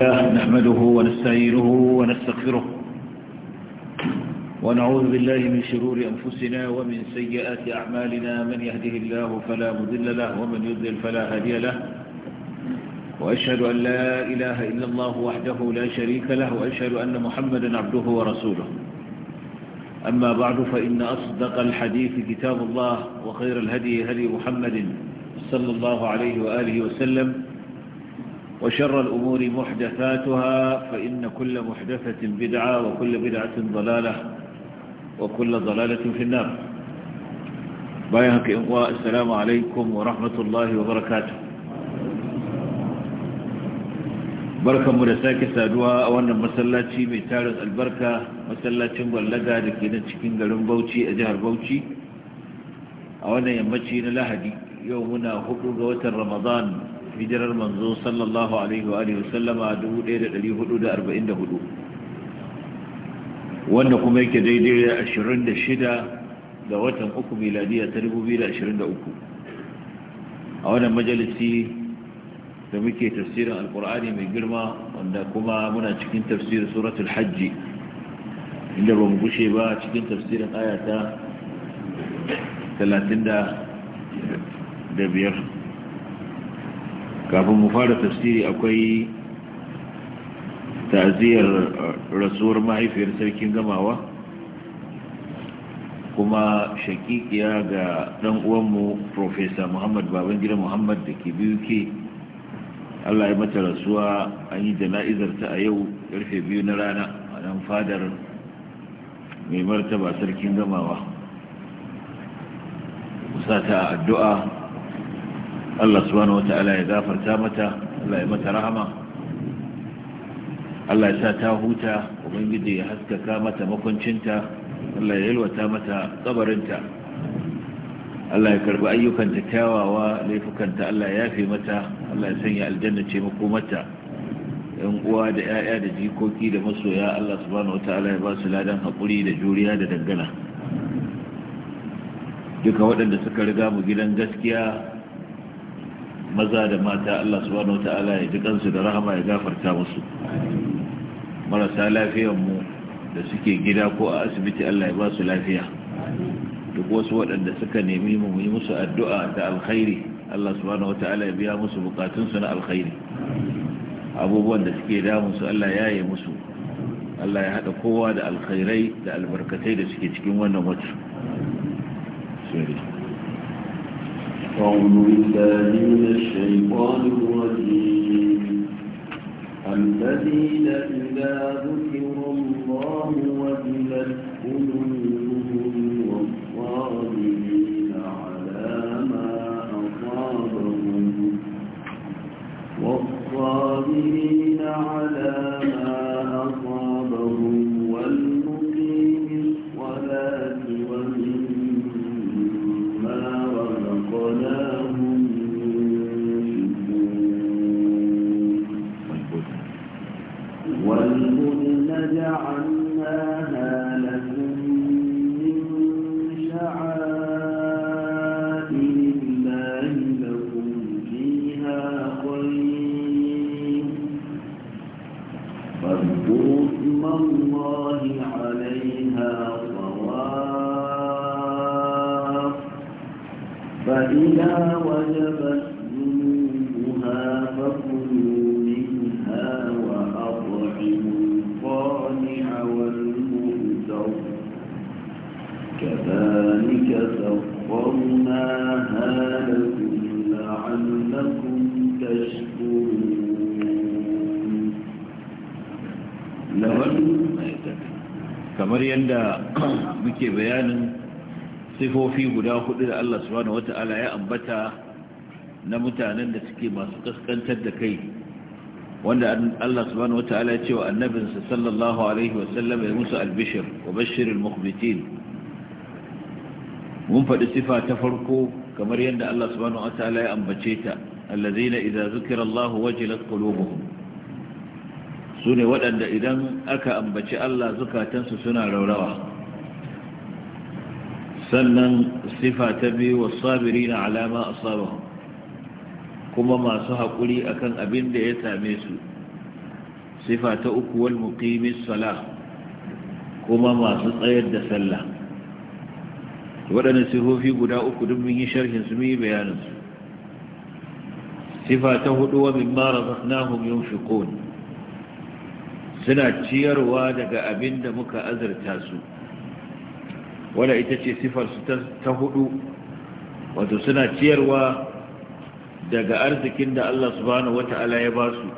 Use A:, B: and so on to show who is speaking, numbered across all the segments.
A: الله نحمده ونستعينه ونستغفره ونعوذ بالله من شرور أنفسنا ومن سيئات أعمالنا من يهده الله فلا مذل له ومن يذل فلا هادي له وأشهد أن لا إله إلا الله وحده لا شريك له وأشهد أن محمدا عبده ورسوله أما بعد فإن أصدق الحديث كتاب الله وخير الهدي هدي محمد صلى الله عليه وآله وسلم وشر الأمور محدثاتها فإن كل محدثة بدعة وكل بدعة ضلالة وكل ضلالة في النار بايهك إخوة السلام عليكم ورحمة الله وبركاته بركة مرساك سادوها أولا مسلاتي ميتارز البركة مسلاتي مبلغة لكينا تشكين غلوم بوتي أجهر بوتي أولا يمتشينا لهدي يومنا هدو غوة رمضان hijirar manzo sallallahu alaihi wa sallama 1444 wanda kuma yake daidai da 26 ga watan uku miladiya ta 2023 a wannan majalisi da muke tafsirin alkur'ani mai girma wanda kuma muna cikin tafsirin suratul hajji inda ba mu gushe ba cikin tafsirin ayata 35 kafin mu fara tafsiri akwai ta'aziyar uh, rasuwar mahaifiyar sarkin gamawa kuma shakikiya ga dan uwanmu profesa muhammad babangida muhammad da ke biyu ke allah ya mata rasuwa an yi jana'izar ta a yau karfe biyu na rana a nan fadar mai martaba sarkin gamawa musa ta addu'a Allah subhanahu ya zafarta mata Allah ya mata rahama Allah ya sa ta huta ubangiji ya haskaka mata makwancinta Allah ya yalwata mata kabarinta Allah ya karbi ayyukanta kyawawa laifukanta Allah ya yafe mata Allah ya sanya aljanna ce makomata yan uwa da 'ya'ya da jikoki da masoya Allah subhanahu ya ba su ladan haƙuri da juriya da dangana duka waɗanda suka riga mu gidan gaskiya maza da mata Allah subhanahu wata'ala ya ji kansu da rahama ya gafarta musu marasa lafiyanmu da suke gida ko a asibiti Allah ya ba su lafiya duk wasu waɗanda suka nemi mu yi musu addu'a da alkhairi Allah subhanahu wata'ala ya biya musu bukatunsu na alkhairi abubuwan da suke damunsu, su Allah ya yi musu Allah ya haɗa kowa da alkhairai da albarkatai da suke cikin wannan wata من الشيطان الرجيم
B: الذين إذا ذكر الله والصابرين على ما أصابهم والصابرين على ما أصابهم
A: hudu da Allah subhanahu wata'ala ya ambata na mutanen da suke masu kaskantar da kai wanda Allah subhanahu wata'ala ya ce wa annabinsa sallallahu alaihi wa sallam ya musu albishir wa bashirul mukhbitin mun faɗi sifa ta farko kamar yadda Allah subhanahu wata'ala ya ambace ta allazina idza zukira Allah wajilat qulubuhum sune waɗanda idan aka ambaci Allah zukatansu suna raurawa sannan sifa ta biyu na alama sabon, kuma masu haƙuri akan abin da ya same su sifa ta uku wal muqimis kuma masu tsayar da sallah waɗannan sifofi guda uku duk mun yi sharhin su mun yi bayanin su sifa ta hudu wa mimma razaqnahum yunfiqun suna ciyarwa daga abin da muka azurta su wadda ita ce sifarsu ta hudu wato suna ciyarwa daga arzikin da Allah subhanahu wata'ala ya ba su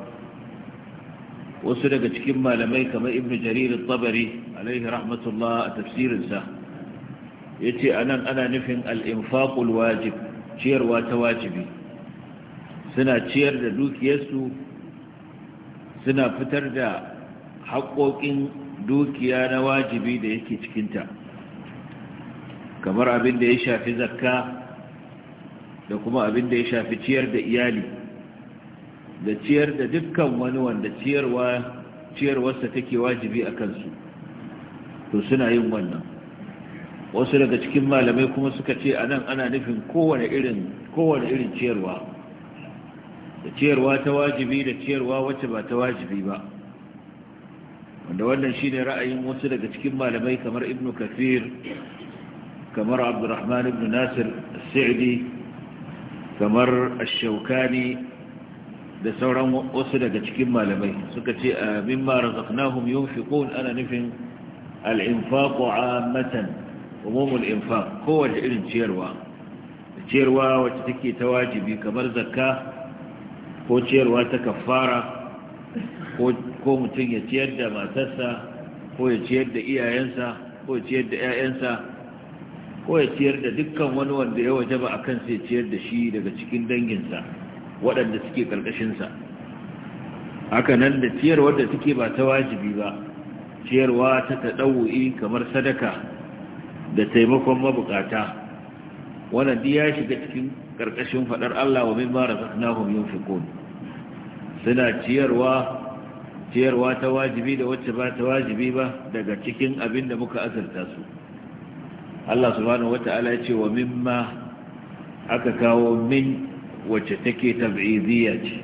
A: wasu daga cikin malamai kamar ibn jarir tabari alaihi rahmatullah a tafsirinsa ya ce a nan ana nufin al'infaƙul wajib ciyarwa ta wajibi suna ciyar da dukiyarsu suna fitar da haƙoƙin dukiya na wajibi da yake cikinta kamar abin da ya shafi zakka da kuma abin da ya shafi ciyar da iyali da ciyar da dukkan wani wanda ciyarwa ciyarwarsa take wajibi a kansu to suna yin wannan wasu daga cikin malamai kuma suka ce a nan ana nufin kowane irin ciyarwa da ciyarwa ta wajibi da ciyarwa wacce ba ta wajibi ba wanda wannan shine ra'ayin wasu daga cikin malamai kamar ibnu kafir kamar abdurrahman ibn nasir sa'idi kamar ashaukani da sauran wasu daga cikin malamai suka ce a ah, mimma razaqnahum yunfiqun ana nufin al-infaq 'ammatan umumul infaq kowace irin ciyarwa ciyarwa wacce take ta wajibi kamar zakka ko ciyarwa ta kafara ko mutum ya ciyar da matarsa ko ya ciyar da iyayensa ko ya ciyar da 'ya'yansa ko ya ciyar da dukkan wani wanda ya waje ba a kan sai ciyar da shi daga cikin danginsa waɗanda suke ƙarƙashinsa haka nan da ciyar wadda suke ba ta wajibi ba ciyarwa ta taɗawu'i kamar sadaka da taimakon mabukata wannan duk ya shiga cikin ƙarƙashin faɗar Allah wa mimma razaqnahum yunfiqun suna ciyarwa ciyarwa ta wajibi da wacce ba ta wajibi ba daga cikin abin da muka azurta su Allah subhanahu wata'ala ya ce wa mimma aka kawo min wacce take tab'idiyya ce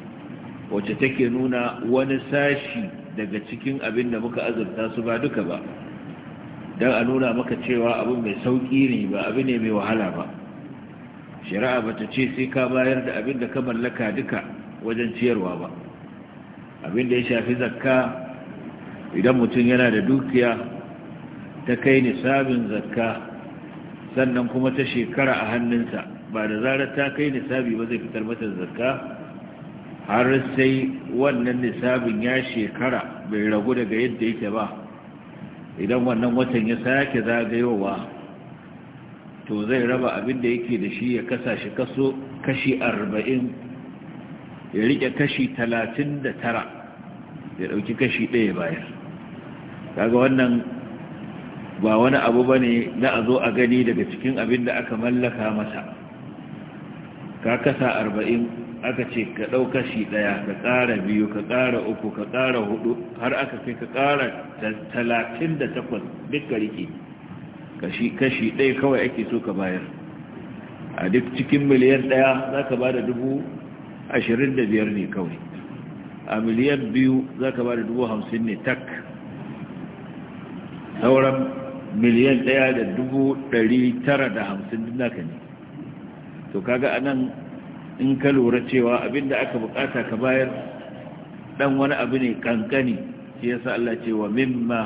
A: wacce take nuna wani sashi daga cikin abin da muka azurta su ba duka ba don a nuna maka cewa abin mai sauƙi ne ba abu ne mai wahala ba shari'a bata ce sai ka bayar da abin da ka mallaka duka wajen ciyarwa ba abin da ya shafi zakka idan mutum yana da dukiya ta kai ni nisabin zakka sannan kuma ta shekara a hannunsa ba da zarar ta kai nisabi ba zai fitar mata zarka har sai wannan nisabin ya shekara bai ragu daga yadda yake ba idan wannan watan ya sake zagayowa to zai raba abin da yake da shi ya kasa shi kaso kashi arba'in ya rike kashi talatin da tara ya ɗauki kashi ɗaya bayan. kaga wannan ba wani abu ba ne na a zo a gani daga cikin abin da aka mallaka masa ka kasa arba'in aka ce ka ɗau kashi ɗaya ka ƙara biyu ka ƙara uku ka ƙara hudu har aka kai ka ƙara talatin da takwas duk ka rike kashi ɗaya kawai ake so ka bayar a duk cikin miliyan ɗaya za ka ba da dubu ashirin da biyar ne kawai a miliyan biyu za ka ba da dubu hamsin ne tak sauran miliyan ɗaya da dubu ɗari tara da hamsin duk naka ne to kaga anan in ka lura cewa abinda aka bukata ka bayar dan wani abu ne kankani shi yasa Allah ce wa mimma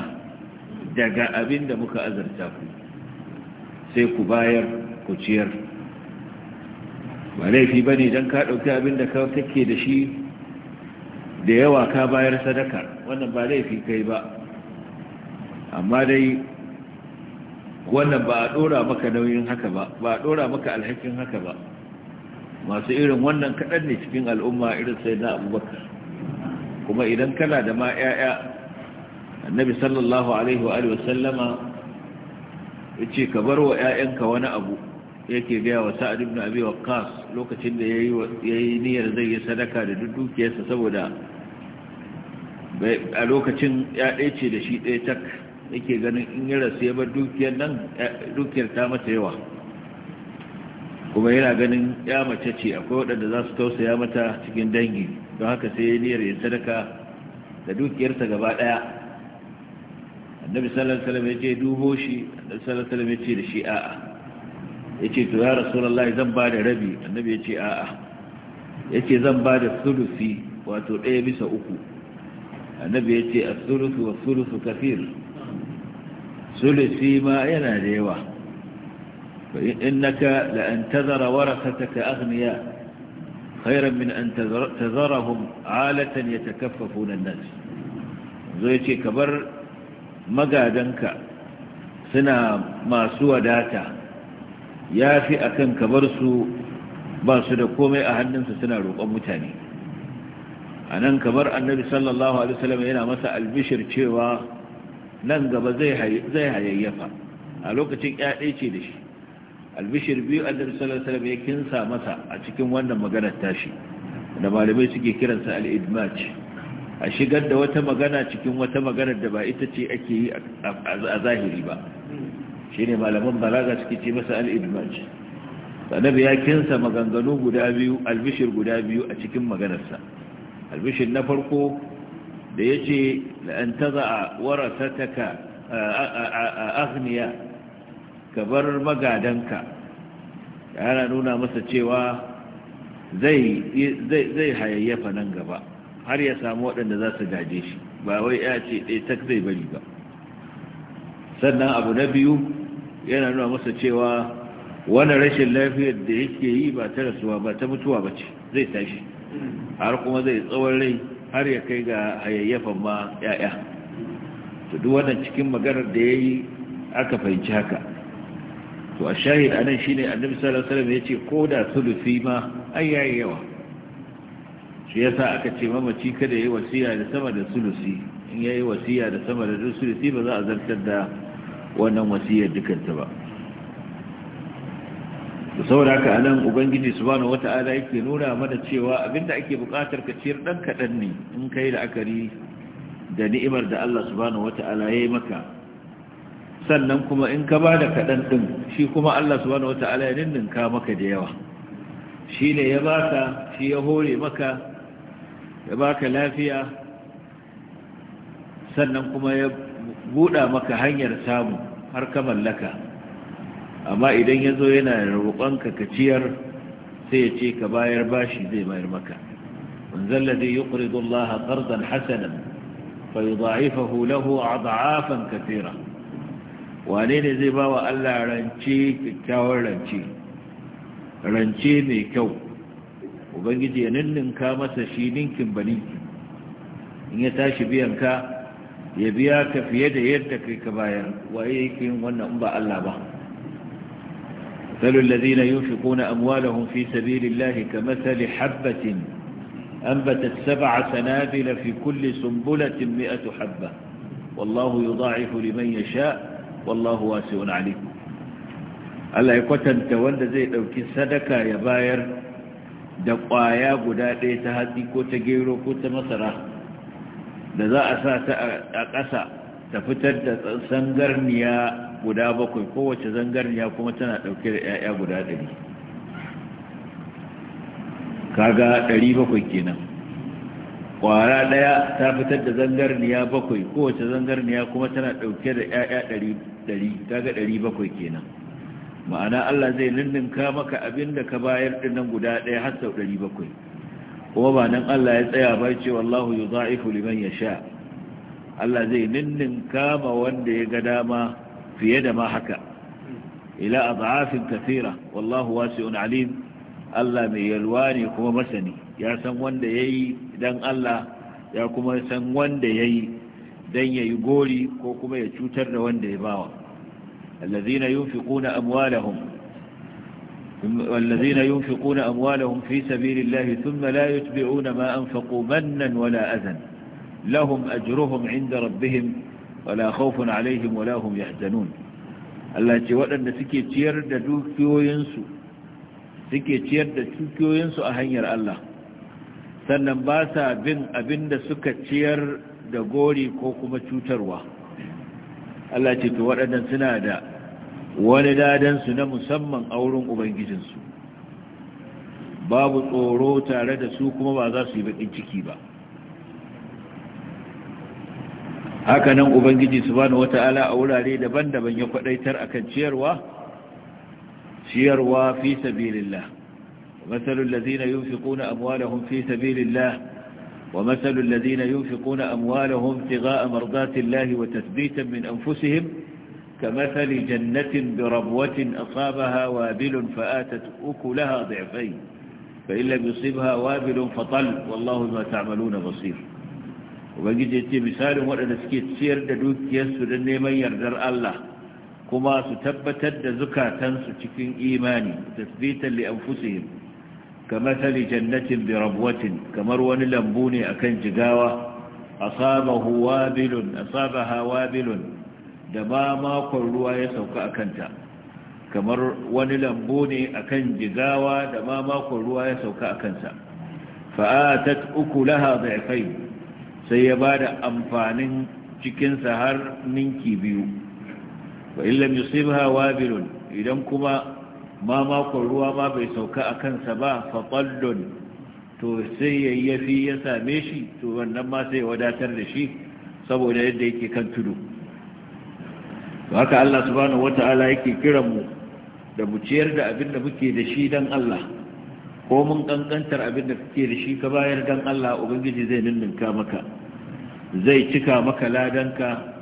A: daga abinda muka azarta ku sai ku bayar ku ciyar ba laifi bane dan ka dauki abinda ka take da shi da yawa ka bayar sadaka wannan ba laifi kai ba amma dai wannan ba a dora maka nauyin haka ba ba a dora maka alhakin haka ba masu irin wannan kaɗan ne cikin al'umma irin sai na abubakar kuma idan kana da ma 'ya'ya annabi sallallahu alaihi wa sallama ya ce ka bar wa 'ya'yanka wani abu yake gaya wa sa'ad ibn abi waqqas lokacin da yayi niyyar zai yi sadaka da duk dukiyarsa saboda a lokacin ya ɗaya ce da shi ɗaya tak yake ganin in yi rasu ya bar dukiyar nan dukiyar ta mata yawa kuma yana ganin ya mace ce akwai waɗanda za su tausaya mata cikin dangi don haka sai ya niyyar yin sadaka da dukiyarsa gaba ɗaya annabi sallallahu alaihi wasallam ya ce dubo shi annabi sallallahu alaihi wasallam ya ce da shi a'a ya ce to ya rasulullahi zan ba da rabi annabi ya ce a'a ya ce zan ba da sulusi wato ɗaya bisa uku annabi ya ce a sulusu wa sulusu kafir sulusi ma yana da yawa innaka la an tazara warasataka aghniya khairan min an tazarahum alatan yatakaffafuna an-nas zo yace kabar magadanka suna masu wadata yafi akan kabar su ba su da komai a hannunsu suna roƙon mutane a nan kamar annabi sallallahu alaihi yana masa albishir cewa nan gaba zai hayayyafa a lokacin yaɗe ce da shi albishir biyu annabi sallallahu alaihi ya kinsa masa a cikin wannan maganar tashi da malamai suke kiransa al-idmaj a shigar da wata magana cikin wata maganar da ba ita ce ake yi a zahiri ba shine malaman balaga suke ce masa al-idmaj annabi ya kinsa maganganu guda biyu albishir guda biyu a cikin maganarsa albishir na farko da ya ce an taza a warasataka a ka bar magadanka yana nuna masa cewa zai hayayyafa nan gaba har ya samu waɗanda za su gaje shi ba wai ya ce ɗai tak zai bari ba sannan abu na biyu yana nuna masa cewa wani rashin lafiyar da yake yi ba ta rasuwa ba ta mutuwa ba ce zai tashi har kuma zai tsawon rai har ya kai ga hayayyafan ma ya'ya to duk wannan cikin maganar da yayi aka fahimci haka to a shahid anan shine ne annabi sallallahu alaihi ya ce ko da sulufi ma an yayi yawa shi yasa aka ce mamaci kada yayi yi wasiya da sama da sulusi in ya wasiya da sama da sulusi ba za a zartar da wannan wasiyar dukanta ba saboda haka anan ubangiji subhanahu wata'ala yake nuna mana cewa abinda ake bukatar ka ciyar dan kadan ne in kai la'akari da ni'imar da Allah subhanahu wata'ala yayi maka sannan kuma in ka bada kadan din shi kuma Allah subhanahu wata'ala ya ninninka maka da yawa shi ne ya baka shi ya hore maka ya baka lafiya sannan kuma ya buɗa maka hanyar samu har ka mallaka amma idan ya zo yana roƙonka ka sai ya ce ka bayar bashi zai bayar maka wanzan lade yi ƙuridun laha ƙarzan hasanan yi za'ifahu lahu a za'afan kafira wane ne zai ba wa allah rance kyakkyawar rance rance mai kyau ubangiji ya ninninka masa shi ninkin baninki in ya tashi biyan ka ya biya ka fiye da yadda kai ka bayar waye yake yin wannan ba allah ba مثل الذين ينفقون أموالهم في سبيل الله كمثل حبة أنبتت سبع سنابل في كل سنبلة مئة حبة والله يضاعف لمن يشاء والله واسع عليم Allah ya kwatanta wanda zai ɗauki sadaka ya bayar da ƙwaya guda ɗaya ta hatsi ko ta gero ko ta masara da za a sa ta a ƙasa ta fitar da zangarniya guda bakwai kowace zangarniya kuma tana ɗauke da 'ya'ya guda ɗari
B: kaga ɗari
A: bakwai kenan ƙwara ɗaya ta fitar da zangarniya bakwai kowace zangarniya kuma tana ɗauke da 'ya'ya ɗari kaga ɗari bakwai kenan ma'ana Allah zai ninninka maka abin da ka bayar ɗinnan guda ɗaya har sau ɗari bakwai kuma ba nan Allah ya tsaya bai ce wallahu yuza'ifu liman yasha' Allah zai ninnin kama wanda ya ga dama fiye da ma haka ila adhafin kathira wallahu wasi'un alim Allah mai yalwa ne kuma masani ya san wanda yayi dan Allah ya kuma san wanda yayi dan yayi gori ko kuma ya cutar da wanda ya bawa allazina yunfiquna amwalahum والذين ينفقون أموالهم في سبيل الله ثم لا يتبعون ما أنفقوا منا ولا أذن lahum ajruhum inda rabbihim wala khawfun alaihim wala hum yahzanun Allah ce waɗanda suke ciyar da dukiyoyinsu a hanyar Allah sannan basa bin abinda suka ciyar da gori ko kuma cutarwa Allah ce to waɗannan suna da wani dadansu na musamman a wurin ubangijinsu babu tsoro tare da su kuma ba za su yi baƙin ciki ba haka nan ubangiji subhanahu wata'ala a wurare daban-daban ya kwadaitar akan ciyarwa ciyarwa fi sabilillah masalul ladina yunfiquna amwalahum fi sabilillah wa masalul ladina yunfiquna amwalahum tigha'a mardatillahi wa tathbitan min anfusihim كمثل جنة بربوة أصابها وابل فآتت أكلها ضعفين فإن لم يصبها وابل فطل والله ما تعملون بصير ubangiji ya ce misalin waɗanda suke ciyar da dukiyarsu don neman yardar Allah kuma su tabbatar da zukatansu cikin imani tasbitan li anfusihim kamar tali jannatin bi rabwatin kamar wani lambu ne akan jigawa asabahu wabilun asabaha wabilun da ba makon ruwa ya sauka a kanta kamar wani lambu ne akan jigawa da ma makon ruwa ya sauka a fa'a akanta fa'atat ukulaha dhaifayn sai ya ba da amfanin cikinsa har ninki biyu wa illam yusibha wabilun idan kuma ma makon ruwa ma bai sauka a kansa ba faɓallon to sai yafi ya same shi to wannan ma sai wadatar da shi saboda yadda yake kan tudu to haka Allah subhanahu wata'ala yake kiran mu da mu ciyar da abin da muke da shi dan Allah ko mun kankantar abin da kake da shi ka bayar dan Allah ubangiji zai ninninka maka zai cika maka ladanka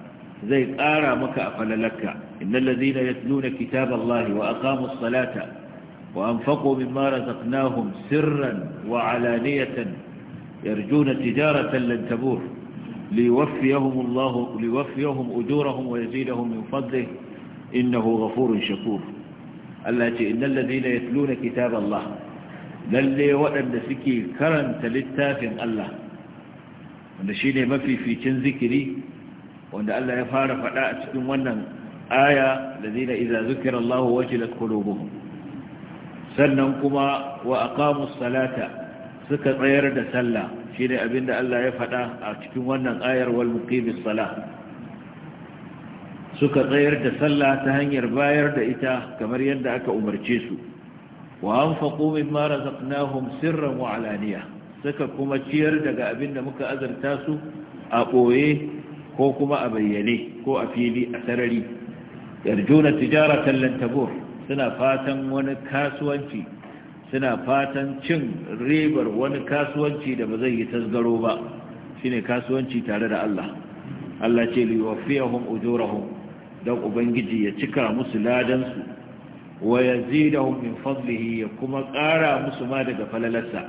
A: zai ƙara maka a falalarka innal ladhina yatluna kitaballahi wa aqamus salata wa anfaqu mimma razaqnahum sirran wa alaniyatan yarjuna tijaratan lan tabur
B: liwaffiyahum Allah liwaffiyahum ujurahum wa yazidahum min
A: fadlihi innahu ghafurun shakur Allah ce innal ladhina yatluna kitaballahi lalle waɗanda suke karanta littafin Allah wanda shi ne mafificin zikiri wanda Allah ya fara faɗa a cikin wannan aya da zina iza zukira Allah wace da kulubuhu sannan kuma wa aqamu salata suka tsayar da sallah shi ne abinda Allah ya faɗa a cikin wannan ayar wal muqimis salah suka tsayar da sallah ta hanyar bayar da ita kamar yadda aka umarce su wa anfaqu mimma razaqnahum sirran wa alaniya suka kuma ciyar daga abin da muka azarta su a ɓoye ko kuma a bayyane ko a fili a sarari yarjuna tijara tallan tabur suna fatan wani kasuwanci suna fatan cin rebar wani kasuwanci da ba zai yi tasgaro ba shine kasuwanci tare da Allah Allah ce liwafiyahum ujurahum dan ubangiji ya cika musu ladan su wa da min fadlihi ya kuma ƙara musu ma daga falalarsa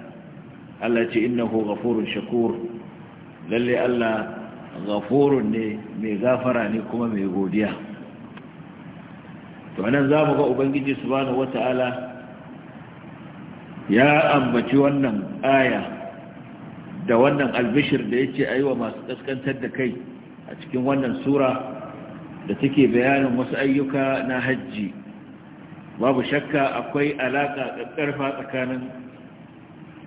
A: Allah ce innahu ghafurun shakur lalle Allah ghafurun ne mai gafara ne kuma mai godiya to anan zamu ga ubangiji subhanahu wataala ya ambaci wannan aya da wannan albishir da ya ce a yi wa masu ƙaskantar da kai a cikin wannan sura da take bayanin wasu ayyuka na hajji babu shakka akwai alaƙa ƙarfa tsakanin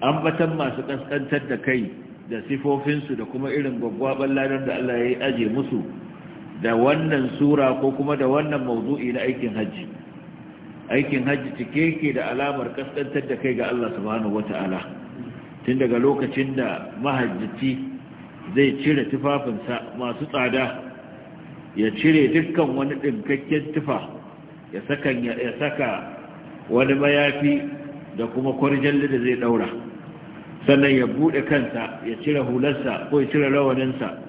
A: ambatan masu ƙasƙantar da kai da sifofinsu da kuma irin gwaggwaban ladar da Allah ya yi aje musu da wannan sura ko kuma da wannan mawzu'i na aikin hajji aikin hajji cike yake da alamar ƙasƙantar da kai ga Allah subhanahu wata'ala tun daga lokacin da mahajjaci zai cire tufafinsa masu tsada ya cire dukkan wani ɗinkakken tufa ya saka ya saka wani mayafi da kuma kwarjan da zai daura sannan ya bude kansa ya cire hularsa ko ya cire rawaninsa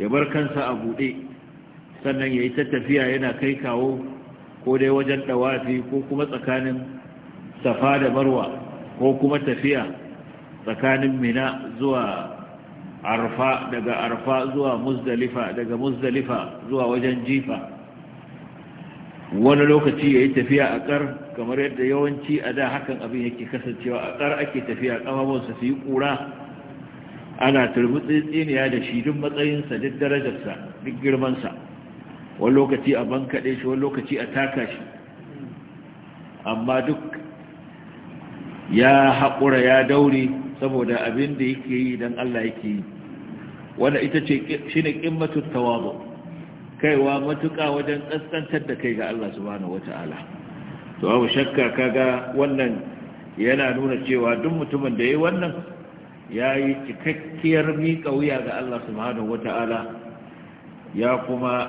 A: ya bar kansa a bude sannan ya yi ta tafiya yana kai kawo ko dai wajen dawafi ko kuma tsakanin safa da marwa ko kuma tafiya tsakanin mina zuwa arfa daga arfa zuwa muzdalifa daga muzdalifa zuwa wajen jifa wani lokaci ya yi tafiya a ƙar kamar yadda yawanci a da hakan abin yake kasancewa a ƙar ake tafiya ƙamamonsa su yi ƙura ana tsintsiniya da shi duk matsayinsa duk darajarsa duk girmansa wani lokaci a bankaɗe shi wani lokaci a taka shi amma duk ya haƙura ya daure saboda abin da yake yi don Allah yake yi wanda ita ce shi ne ƙimmatun tawazo kaiwa matuƙa wajen ƙasƙantar da kai ga Allah subhanahu wata'ala to abu shakka kaga wannan yana nuna cewa duk mutumin da ya wannan ya yi cikakkiyar miƙa wuya ga Allah subhanahu wata'ala ya kuma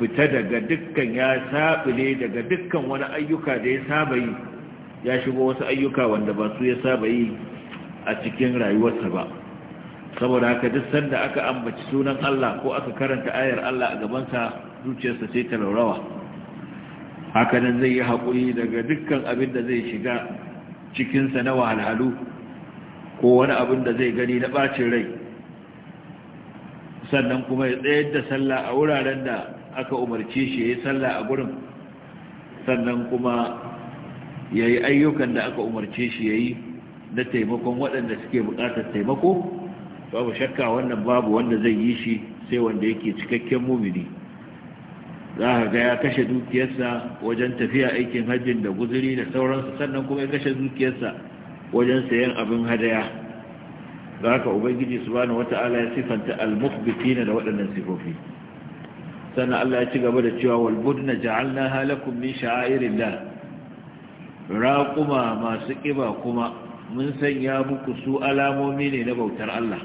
A: fita daga dukkan ya saɓile daga dukkan wani ayyuka da ya saba yi ya shigo wasu ayyuka wanda ba su ya saba yi a cikin rayuwarsa ba saboda haka duk sanda aka ambaci sunan Allah ko aka karanta ayar Allah a gabansa zuciyarsa sai ta laurawa hakanan zai yi haƙuri daga dukkan abin da zai shiga cikinsa na wahalhalu ko wani abin da zai gani na ɓacin rai sannan kuma ya tsayar da sallah a wuraren da aka umarce shi ya yi sallah a gurin sannan kuma ya yi ayyukan da aka umarce shi ya yi na taimakon waɗanda suke buƙatar taimako babu shakka wannan babu wanda zai yi shi sai wanda yake cikakken mumini za ka ga ya kashe dukiyarsa wajen tafiya aikin hajjin da guzuri da sauransu sannan kuma ya kashe dukiyarsa wajen sayan abin hadaya za ka ubangiji wata wata'ala ya sifanta al da waɗannan sifofi sannan Allah ya ci gaba da cewa wal budna ja'alnaha lakum min sha'airillah raquma masu kiba kuma mun sanya muku su alamomi ne na bautar Allah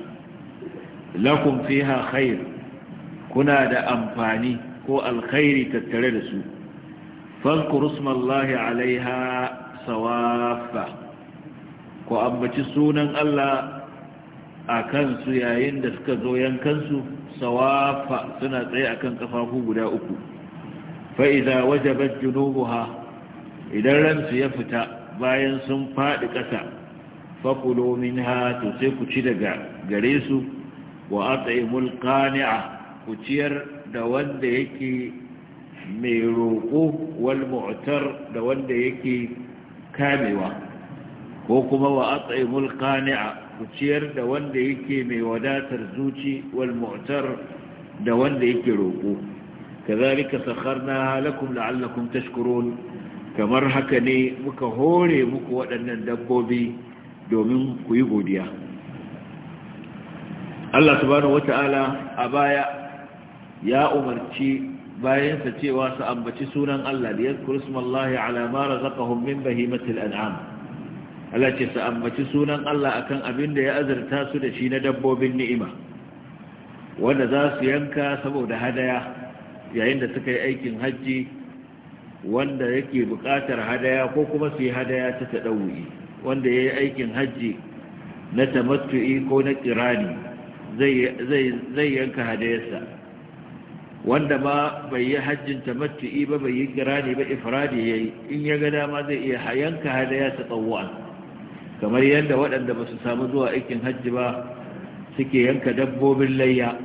A: lakum fiha khair kuna da amfani ko alkhairi tattare da su fankurusmallahi alaiha sawafa ko ambaci sunan Allah a kansu yayin da suka zo yankansu sawafa suna tsaye akan kafafu guda uku fa'iza wajabat junubuha idan ransu ya fita bayan sun faɗi ƙasa fa min ha to sai ku ci daga gare su wa at'imul qani'a ku ciyar da wanda yake mai roƙo wal mu'tar da wanda yake kamewa ko kuma wa at'imul qani'a ku ciyar da wanda yake mai wadatar zuci wal mu'tar da wanda yake roƙo kazalika sakharna lakum la'allakum tashkurun kamar haka ne muka hore muku waɗannan dabbobi domin ku yi godiya Allah subhanahu wata'ala a baya ya umarci bayansa cewa su ambaci sunan Allah da yadda kurismallahi alama razaqahum min bahimatil an'am Allah ce su ambaci sunan Allah akan abin da ya azurta su da shi na dabbobin ni'ima wanda za su yanka saboda hadaya yayin da suka yi aikin hajji wanda yake buƙatar hadaya ko kuma su yi hadaya ta taɗauri wanda ya yi aikin hajji na tamattu'i ko na kirani zai yanka hadayarsa wanda ma bai yi hajjin tamattu'i ba bai yi girani ba ifradi yayi in ya ga dama zai iya yanka hadaya ta kamar yadda waɗanda ba su samu zuwa aikin hajji ba suke yanka dabbobin layya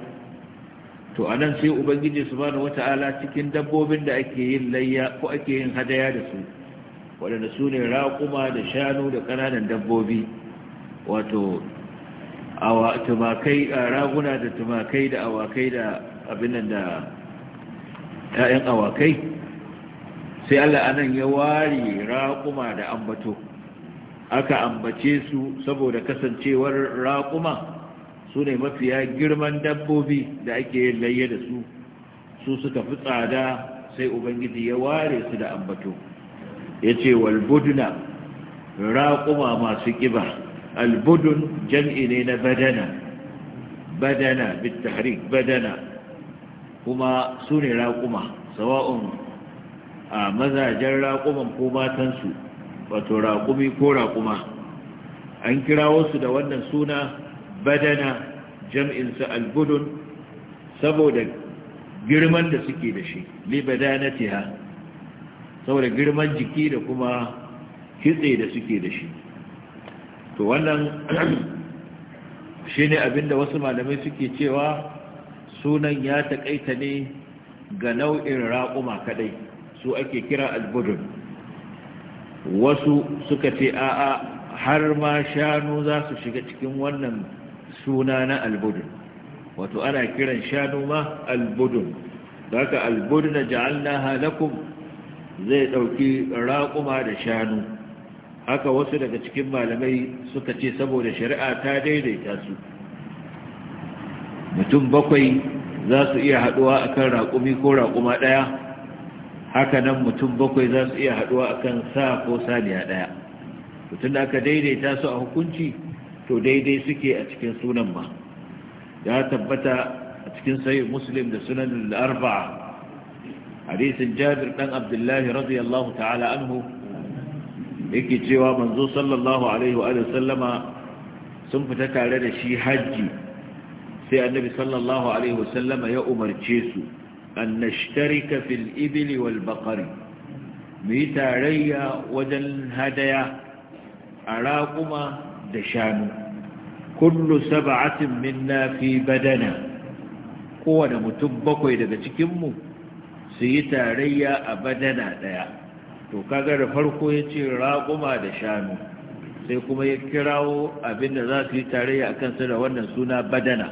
A: to a nan sai ubangiji su wata wata'ala cikin dabbobin da ake yin layya ko ake yin hadaya da su waɗanda su ne raƙuma da shanu da ƙananan dabbobi wato tumakai raguna da tumakai da awakai da abinan da ‘ya'yan awakai sai Allah anan ya ware raƙuma da ambato aka ambace su saboda kasancewar raƙuma su ne mafiya girman dabbobi da ake layye da su su suka fi tsada sai ubangiji ya ware su da ambato ya ce walbuduna raƙuma masu ƙiba albudun jam'i ne na badana badana badana kuma sune ne raƙuma sawa'un a mazajen raƙuman ko matansu wato raƙumi ko raƙuma an kirawo su da wannan suna badana jam'insa albudun saboda girman da suke da shi li badanatiha saboda girman jiki da kuma kitse da suke da shi to wannan shine abinda wasu malamai suke cewa sunan ya taƙaita ne ga nau'in raƙuma kaɗai su ake kira albudun wasu suka ce a'a har ma shanu za su shiga cikin wannan suna na albudun wato ana kiran shanu ma albudun da haka albudun da na zai ɗauki raƙuma da shanu haka wasu daga cikin malamai suka ce saboda shari'a ta daidaita su mutum bakwai za su iya haduwa akan raƙumi ko raƙuma ɗaya haka nan mutum bakwai za su iya haduwa akan sa ko saniya ɗaya mutum da aka daidaita su a hukunci to daidai suke a cikin sunan ma ya tabbata a cikin sayi muslim da sunan arba'a. hadisin jabir ɗan abdullahi radiyallahu ta'ala anhu yake cewa manzo sallallahu alaihi wa sallama sun fita tare da shi hajji sai annabi sallallahu alaihi wa sallama ya umarce su an nashtarika fil ibli wal baqari mu yi tarayya wajen hadaya a raƙuma da shanu kullu sab'atin minna fi badana kowane mutum bakwai daga cikinmu su yi tarayya a badana ɗaya to kaga da farko ya ce raƙuma da shanu sai kuma ya kirawo abinda za su yi tarayya a su da wannan suna badana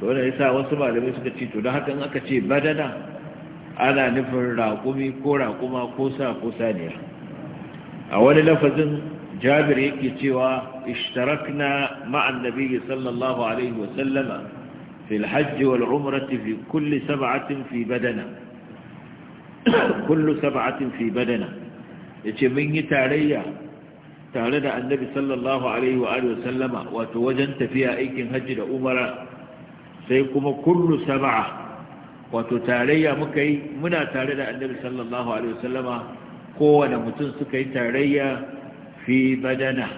A: to wanda ya sa wasu malamai suka ce to don haka aka ce badana ana nufin raƙumi ko raƙuma ko sa ko saniya a wani lafazin jabir yake cewa ishtarakna ma'an nabiyyi sallallahu alaihi wa sallama fil hajji wal umrati fi kulli sab'atin fi badana kullu sab'atin fi badana yace mun yi tarayya tare da annabi sallallahu alaihi wa alihi sallama wato wajen tafiya aikin hajji da umara sai kuma kullu sab'a wato tarayya muka yi muna tare da annabi sallallahu alaihi wa sallama kowane mutum suka yi tarayya fi badana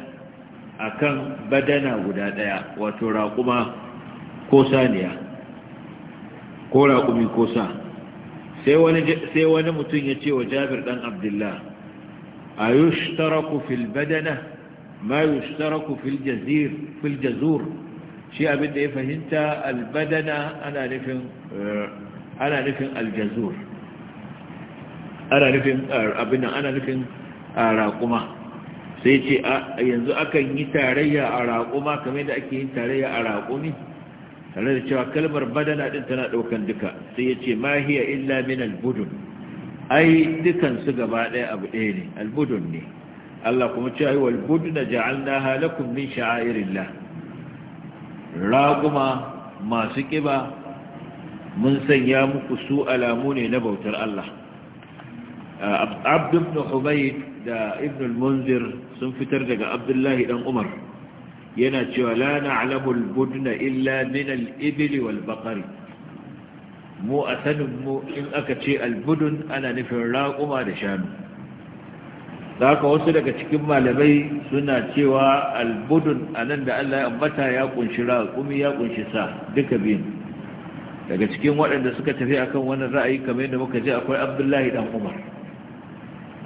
A: akan badana guda daya wato raƙuma ko saniya ko raƙumi ko sa sai wani mutum ya ce wa jabir ɗan abdullah a yushtaraku fil badana ma fil jazur shi abinda ya fahimta albadana ana nufin aljazur eh, ana nufin abinan ana nufin eh, eh, raƙuma sai ce yanzu akan yi tarayya a raƙuma kamar da ake yin tarayya a raƙumi tare da cewa kalmar badana din tana daukan duka sai yace ma hiya illa min albudun ai dukansu gaba daya abu ɗaya ne albudun ne Allah kuma cewa ai wal budna ja'alnaha lakum min sha'airillah raquma masu kiba mun sanya muku su alamu ne na bautar Allah Abd ibn da Ibn munzir sun fitar daga Abdullahi dan Umar yana cewa la na'lamu al-budna illa min al-ibli mu a sanin mu in aka ce albudun ana nufin raƙuma da shanu ka wasu daga cikin malamai suna cewa albudun anan da Allah ya ambata ya kunshi raƙumi ya kunshi sa duka biyun daga cikin waɗanda suka tafi akan wannan ra'ayi kamar yadda muka ji akwai Abdullahi dan Umar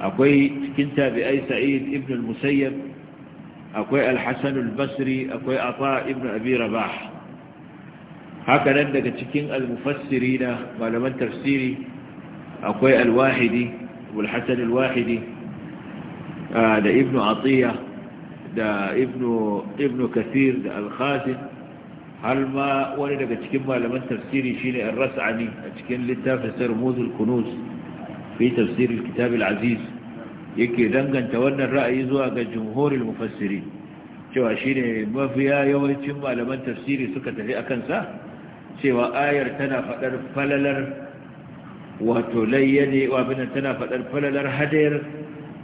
A: akwai cikin tabi'ai Sa'id ibn musayyab akwai alhassan albasri akwai afa ibn abi rabah haka nan daga cikin almufassiri da malaman tafsiri akwai alwahidi alhassan alwahidi da ibn atiya da ibn ibn kathir da alkhasin hal ma wani daga cikin malaman tafsiri shine ar-ras'ani a cikin littafin sarmuzul kunuz fi tafsir al-kitab al-aziz yake danganta wannan ra'ayi zuwa ga jumhurul mufassiri cewa shine mafiya yawancin malaman tafsiri suka tafi akan sa cewa ayar tana fadar falalar wato layyane wa bin tana fadar falalar hadayar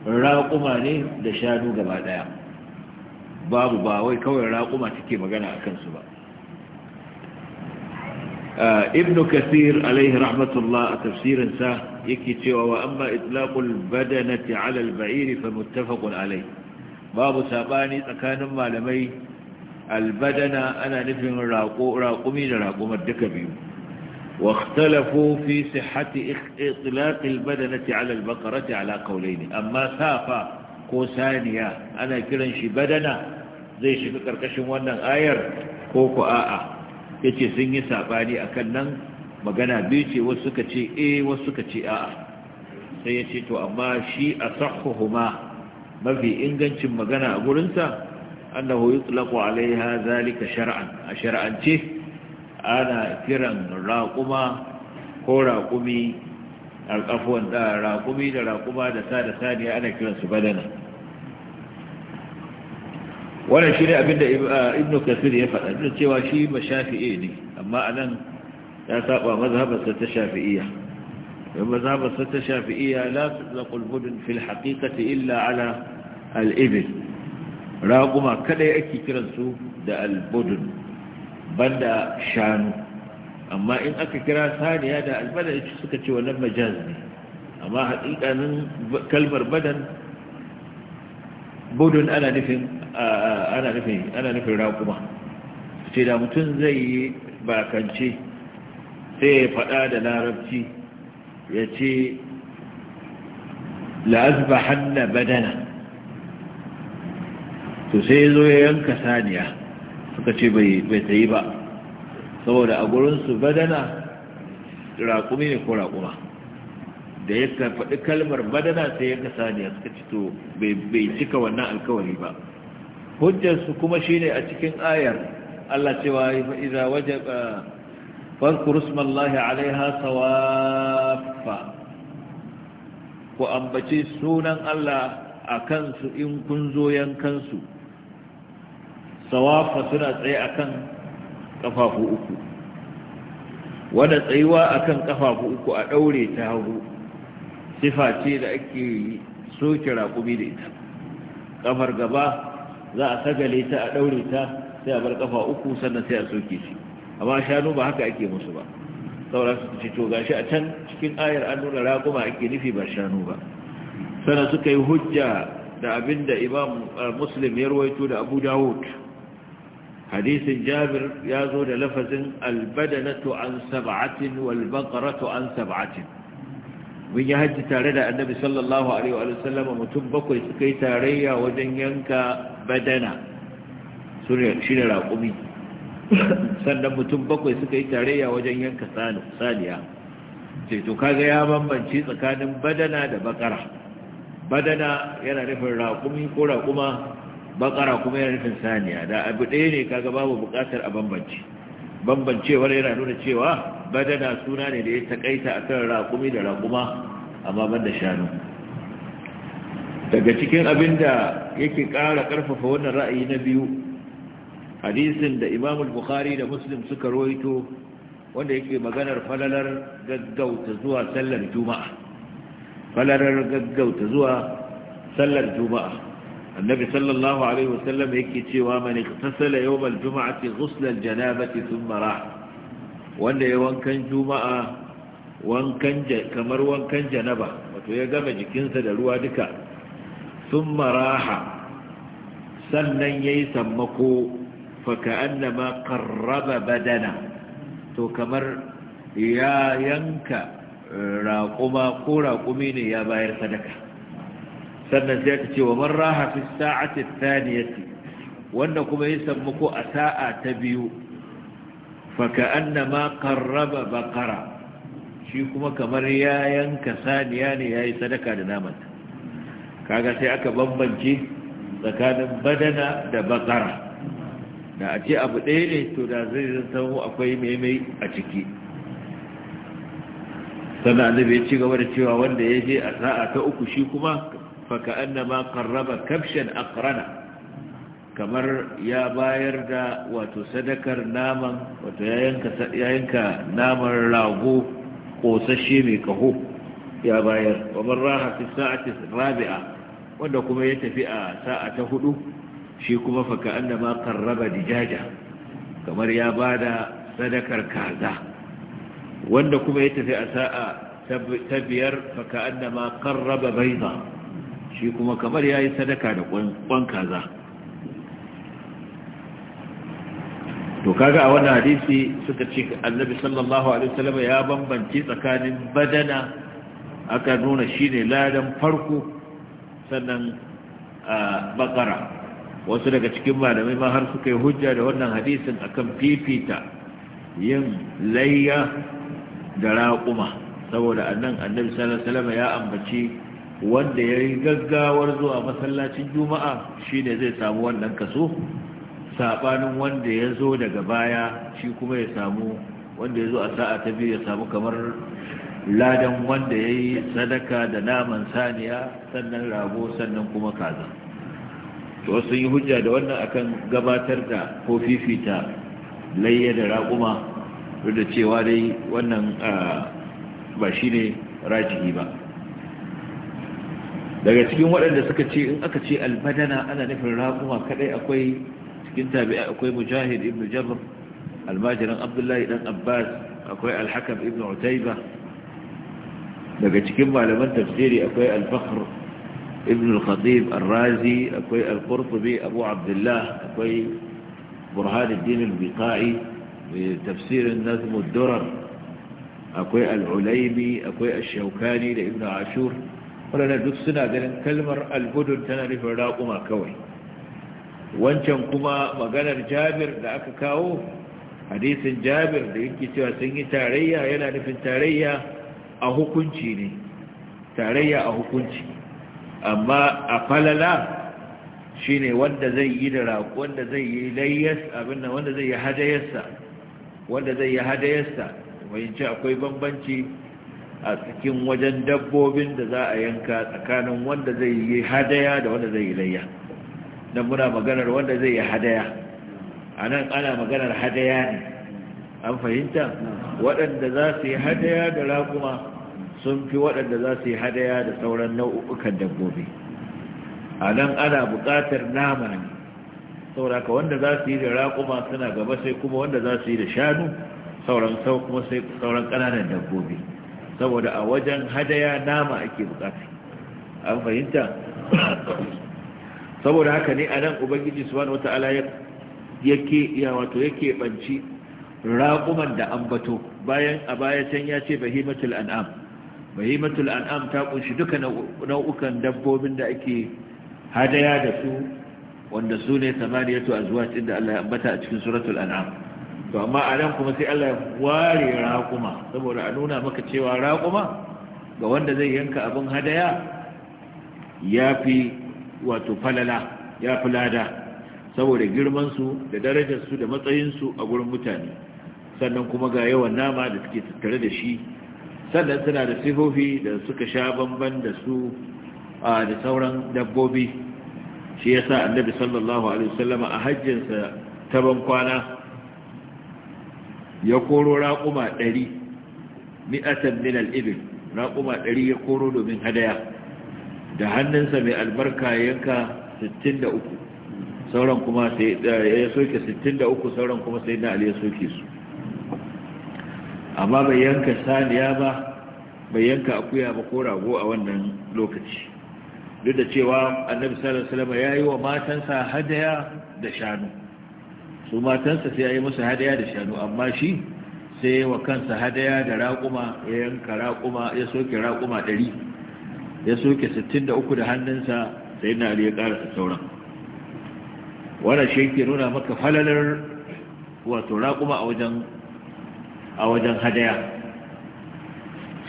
A: raquma ne da shanu gaba daya babu ba wai kawai raquma take magana akan su ba ibn kasir alaihi rahmatullah a tafsirin sa yake cewa wa amma itlaqul badanati ala al-ba'ir fa muttafaqun alayh babu sabani tsakanin malamai al-badana ana nufin raqo raqumi da raqumar duka biyu wa ikhtalafu fi sihhati itlaq al-badanati ala al-baqarati amma safa ko saniya ana kiran shi badana zai shiga karkashin wannan ayar ko ku a'a ya ce sun yi saɓani a kan nan magana biyu ce wasu suka ce e wasu suka ce a'a sai ya ce to amma shi a huma mafi ingancin magana a gurinsa annahu yutlaqu alaiha zalika shar'an a shar'ance ana kiran raƙuma ko raƙumi alƙafuwan da raƙumi da raƙuma da sa sada saniya ana kiransu badana wannan shi ne abinda ibnu uh, kasir ya faɗa da cewa shi ba shafi'i ne amma a nan ya saba mazhabarsa ta shafi'iyya don mazhabarsa ta shafi'iyya la tutlaqul budun fil haqiqati illa ala al Raƙuma raguma kada ake kiran su da al budun banda shanu amma in aka kira saniya da albada suka ce wannan majaz ne amma haƙiƙanin kalmar badan budun ana nufin ana nufin ana nufin raƙuma ce da mutum zai yi bakance sai ya faɗa da larabci ya ce la'azba hanna badana to sai ya zo ya yanka saniya suka ce bai ta yi ba saboda a gurinsu badana raƙumi ne ko raƙuma da ya faɗi kalmar badana sai yanka saniya suka ce to bai cika wannan alkawari ba hujjarsu kuma shine a cikin ayar Allah cewa iza wajaba fadhkuru ismallahi alaiha sawaffa ku ambaci sunan Allah a kansu in kun zo yankansu. su suna tsaye akan kafafu uku wanda tsayuwa akan kafafu uku a daure ta hagu sifa ce da ake soke raƙumi da ita kafar gaba za a sagale ta a daure ta sai a bar kafa uku sannan sai a soke shi amma shanu ba haka ake musu ba saura su ce to gashi a can cikin ayar an nuna raguma ake nufi ba shanu ba sannan suka yi hujja da abinda imam eh, muslim ya ruwaito da abu dawud hadisin jabir ya zo da lafazin albadanatu an sab'atin wal baqaratu an sab'atin mun yi hajji tare da annabi sallallahu alaihi wa sallama mutum bakwai suka yi tarayya wajen yanka badana shi raƙumi sannan mutum bakwai suka yi tarayya wajen yanka saniya ce to kaga ya bambanci tsakanin badana da bakara badana yana nufin raƙumi ko raƙuma bakara kuma yana nufin saniya da abu ɗaya ne kaga babu buƙatar a bambanci bambancewar yana nuna cewa badana suna ne da ya taƙaita a kan raƙumi da raƙuma amma ban da shanu daga cikin abin da yake ƙara ƙarfafa wannan ra'ayi na biyu hadisin da imamul bukhari da muslim suka roito wanda yake maganar falalar gaggauta zuwa sallar juma'a falalar gaggauta zuwa sallar juma'a annabi sallallahu alaihi wasallam yake cewa man iktasala yawmal juma'ati ghusla aljanabati thumma rah wanda ya wankan juma'a kamar wankan janaba wato ya gama jikinsa da ruwa duka thumma raha sannan yayi sammako fa ka'annama qarraba badana to kamar ya yanka eh, raƙuma ko raƙumi ne ya bayar sadaka sannan sai ka ce wa man raha fi sa'ati thaniyati wanda kuma ya ko a sa'a ta biyu fa ka'annama qarraba baqara shi kuma kamar ya yanka saniya ne yayi sadaka da naman kaga sai aka bambance tsakanin badana da baqara da a ce abu ɗaya ne to da zai zantawo akwai maimai a ciki sannan annabi ya ci gaba da cewa wanda ya je a sa'a ta uku shi kuma فكأنما قرب كبشا أقرنا كمر يا باير دا وتسدكر ناما وتيينك ناما راغو قوسشي ميكهو يا باير ومن راها في الساعة الرابعة وانكما يتفع آه، ساعة هدو شيكما فكأنما قرب دجاجة كمر يا بادا سدكر كازا وانكما يتفع آه، ساعة تبير فكأنما قرب بيضا shi kuma kamar ya yi sadaka da kwan kaza to kaga a wani hadisi suka ce annabi sallallahu alaihi wasallam ya bambanci tsakanin badana aka nuna shi ne ladan farko sannan bakara wasu daga cikin malamai ma har suka yi hujja da wannan hadisin akan fifita yin layya da raƙuma saboda annan annabi sallallahu alaihi wasallam ya ambaci wanda ya yi gaggawar zuwa masallacin juma'a shi ne zai samu wannan kaso saɓanin wanda ya zo daga baya shi kuma ya samu wanda ya zo a sa'a ta biyu ya samu kamar ladan wanda ya yi sadaka da naman saniya sannan rago sannan kuma kaza to sun yi hujja da wannan akan gabatar da ko fifita layya da raƙuma duk da cewa dai wannan ah, ba shi ne ba daga cikin waɗanda suka ce in aka ce albadana ana nufin raƙuma kadai akwai cikin tabi'a akwai mujahid ibn jabr almajiran abdullahi dan abbas akwai alhakam ibn utaiba daga cikin malaman tafsiri akwai al-fakhr ibn al-khatib ar-razi akwai al-qurtubi abu abdullah akwai burhanuddin al-biqai tafsirin nazm durar akwai al akwai ash da ibnu ashur waɗanda duk suna ganin kalmar albudun tana nufin raƙuma kawai wancan kuma maganar jabir da aka kawo hadisin jabir da yake cewa sun yi tarayya yana nufin tarayya a hukunci ne tarayya a hukunci amma a falala shine wanda zai yi da raƙu wanda zai yi layyas abinnan wanda zai yi hadayarsa wanda zai yi hadayarsa wayance akwai bambanci a cikin wajen dabbobin da za a yanka tsakanin wanda zai yi hadaya da wanda zai yi layya don muna maganar wanda zai yi hadaya a nan ana maganar hadaya ne an fahimta waɗanda za su yi hadaya da raƙuma sun fi waɗanda za su yi hadaya da sauran nau'ukan dabbobi a nan ana buƙatar nama ne sauraka wanda za su yi da raƙuma suna gaba sai kuma wanda za su yi da shanu sauran sau kuma sai sauran ƙananan dabbobi saboda a wajen hadaya nama ake bukata an fahimta saboda haka ne a nan ubangiji subhanahu wata'ala yake ya wato yake banci raƙuman da ambato bayan a baya can ya ce bahimatul an'am bahimatul an'am ta kunshi duka nau'ukan dabbobin da ake hadaya da su wanda su ne samaniyatu azwaj inda Allah ya ambata a cikin suratul an'am to amma a nan kuma sai Allah ya ware raƙuma saboda a nuna maka cewa raƙuma ga wanda zai yanka abin hadaya ya fi wato falala ya fi lada saboda girmansu da darajarsu da matsayinsu a gurin mutane sannan kuma ga yawan nama da suke tattare da shi sannan suna da sifofi da suka sha bamban da su da sauran dabbobi shi yasa annabi sallallahu alaihi wasallama a hajjinsa ta ban kwana ya koro raƙuma ɗari mi'atan min al'ibin raƙuma ɗari ya koro domin hadaya da hannunsa mai albarka yanka 63 sauran kuma sai eh, ya soke 63 sauran kuma sai na ali soke su amma bai yanka saniya ba bai yanka akuya ba ko rago a wannan lokaci duk da cewa annabi sallallahu alaihi wasallam yayi wa matansa hadaya da shanu su matansa sai ya yi musu hadaya da shanu amma shi sai wa kansa hadaya da raƙuma ya yanka raƙuma ya soke raƙuma ɗari ya soke sittin da uku da hannunsa sai na ya ƙara sauran wannan shi ke nuna maka falalar wato raƙuma a wajen hadaya